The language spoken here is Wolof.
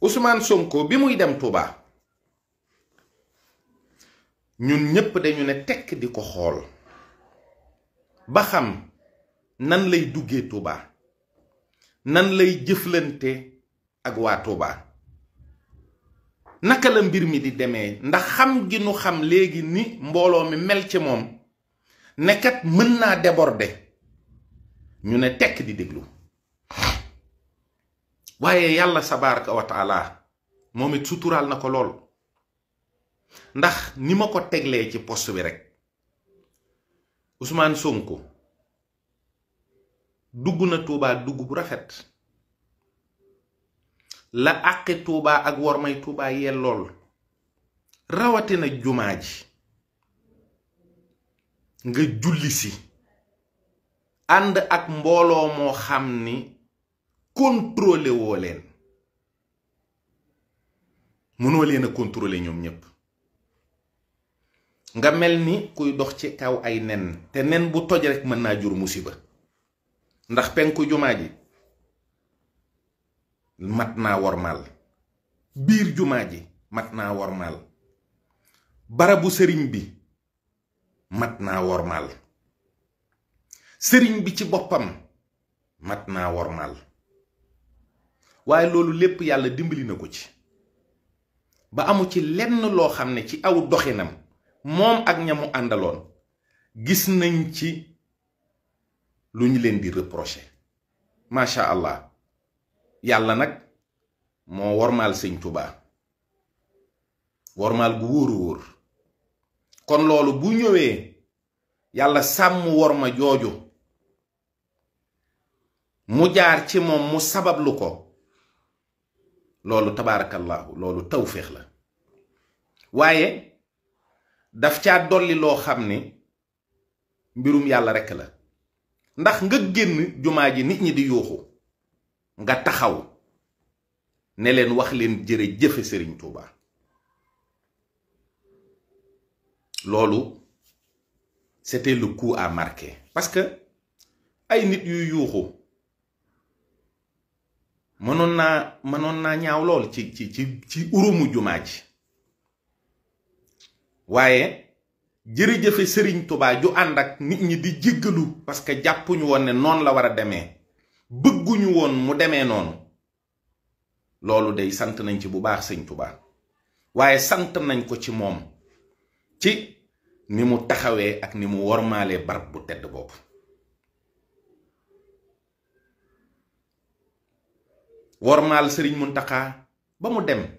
Ousmane Sonko bi muy dem Touba ñun ñépp dañu ne tekk di ko xool ba xam nan lay duggee Touba nan lay jëflante ak waa Touba naka la mbir mi di demee ndax xam gi nu xam léegi ni mbooloo mi mel ci moom nekkat mën naa déborder ñu ne tekk di diglu waaye yàlla sabaraka wa moom it suturaal na ko lool ndax ni ma ko teglee ci poste bi rekk Ousmane Sonko dugg na Touba dugg bu rafet la àqi Touba ak wormay yee lool rawatina jumaa ji nga julli si ànd ak mbooloo moo xam ni contrôlé woo leen mënoo leen a contrôlé ñoom ñépp nga mel ni kuy dox ci kaw ay nen te nen bu toj rek mën naa jur musiba ndax penku jumaa ji mat naa wormaal biir jumaa ji mat naa wormaal barabu sëriñ bi mat naa wormaal sëriñ bi ci boppam mat naa wormaal waaye loolu lépp yàlla dimbali na ko ci ba amu ci lenn loo xam ne ci aw doxinam moom ak ñamu àndaloon gis nañ ci lu ñu leen di reprocher macha allah yàlla nag moo wormaal sëñ Tuubaa wormaal gu wóoru wóor kon loolu bu ñëwee yàlla sàmm worma jooju mu jaar ci moom mu sabablu ko loolu tabaarakallaahu loolu tawféex la waaye daf ca dolli loo xam ni mbirum yàlla rekk la ndax nga génn jumaa ji nit ñi di yuuxu nga taxaw ne leen wax leen jëre jëfe sëriñ Tuuba loolu c'était lu coup à marquer parce que ay nit yuy yuuxu mënoon naa mënoon naa ñaaw lool ci ci ci ci urumu jumaa ji waaye jërëjëfe sëriñ tubaa ju ànd ak nit ñi di jéggalu parce que jàppuñu woon ne noonu la war a demee bëgguñu woon mu demee noonu loolu day sant nañ ci bu baax sëñ tubaa waaye sant nañ ko ci moom ci ni mu taxawee ak ni mu wormaalee barab bu tedd bopp wormaal Serigne Mountakha ba mu dem